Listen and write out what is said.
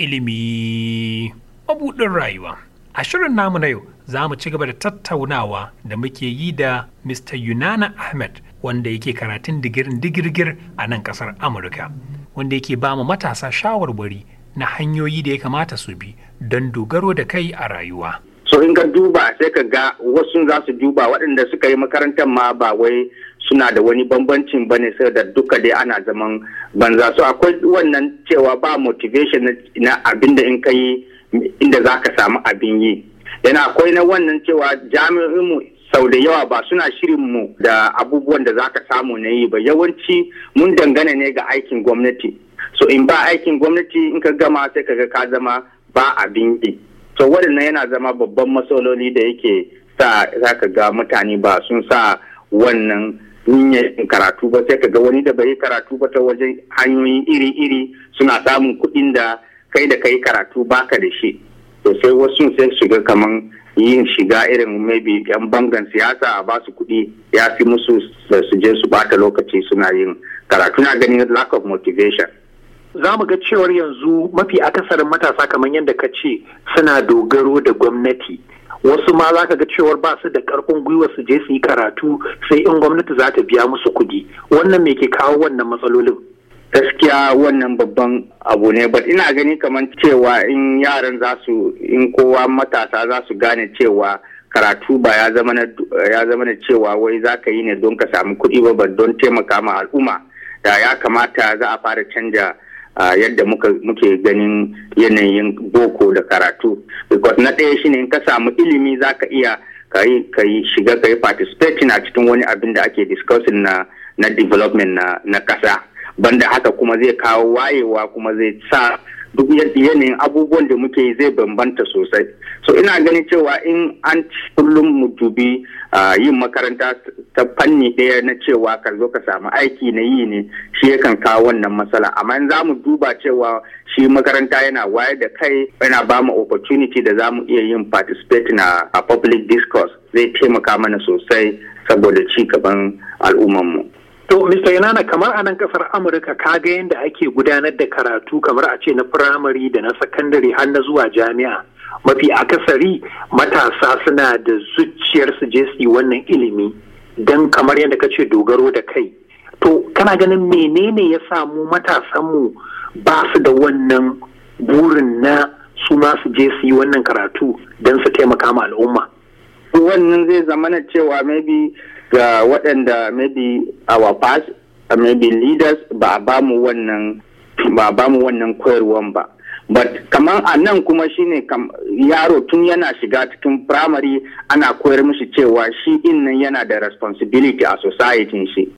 ilimi mabuɗin rayuwa. A shirin namu na yau za mu ci gaba da tattaunawa da muke yi da Mr. Yunana Ahmed wanda yake karatun digirin digirgir a nan ƙasar Amurka, wanda yake ba mu matasa shawarwari na hanyoyi da ya kamata su bi don dogaro da kai a rayuwa. so in ka duba sai ka ga wasu za su duba waɗanda suka yi makarantar ma ba wai suna da wani bambancin bane sai da duka dai ana zaman banza so akwai wannan cewa ba motivation na abin da in ka yi inda za ka samu abin yi yana akwai na wannan cewa jami'inmu sau da yawa ba suna shirin mu da abubuwan da za ka samu na yi ba yawanci mun dangana ne ga aikin gwamnati so in ba aikin gwamnati in ka gama sai ka ga ka zama ba abin yi so waɗannan yana zama babban matsaloli da yake sa za ka ga mutane ba sun sa wannan yin karatu ba sai ka ga wani da bai karatu ba ta wajen hanyoyi iri-iri suna samun kuɗin da kai da kai karatu baka da shi to sai wasu sai shiga kamar yin shiga irin maybe yan bangan siyasa a ba su kuɗi ya fi musu su je su bata lokaci suna yin karatu na ganin lack of motivation za mu ga cewar yanzu mafi akasarin matasa kamar yadda ka ce suna dogaro da gwamnati wasu ma za ka ga cewar ba su da karfin gwiwa su je su yi karatu sai in gwamnati za ta biya musu kuɗi wannan me ke kawo wannan matsalolin gaskiya wannan babban abu ne Ba ina gani kamar cewa in yaran za su in kowa matasa za su gane cewa karatu ba ya zama na cewa wai za ka yi ne don ka samu kuɗi ba don taimaka ma al'umma da ya kamata za a fara canja a yadda muke ganin yanayin boko da karatu because na ɗaya shine in ka samu ilimi za ka iya ka yi shiga kayi yi participating a cikin wani abin da ake discussing na na development na na kasa banda haka kuma zai kawo wayewa kuma zai sa duk yanayin abubuwan da muke zai bambanta sosai so ina ganin cewa in an kullum mu dubi yin makaranta ta fanni ɗaya na cewa ka zo ka samu aiki na yi ne shi yakan kawo wannan matsala amma in za mu duba cewa shi makaranta yana wayar da kai yana ba mu opportunity da za mu iya yin participate na a public discourse zai taimaka mana sosai saboda ci gaban al'ummarmu. To, Mr. Yanana, kamar a nan kasar Amurka ka ga yadda ake gudanar da karatu kamar a ce na firamare da na sakandare har na zuwa jami'a. mafi akasari matasa suna da zuciyar su je su wannan ilimi don kamar yadda ka ce dogaro da kai to kana ganin menene ya samu matasanmu ba su da wannan burin na su ma su je su yi wannan karatu don su taimaka ma al'umma wannan zai zama na cewa maybe ga waɗanda maybe our past maybe leaders ba a bamu wannan ba wannan koyarwan ba but kamar a nan kuma shine yaro tun yana shiga cikin firamare ana koyar mishi cewa shi din nan yana da responsibility a society shi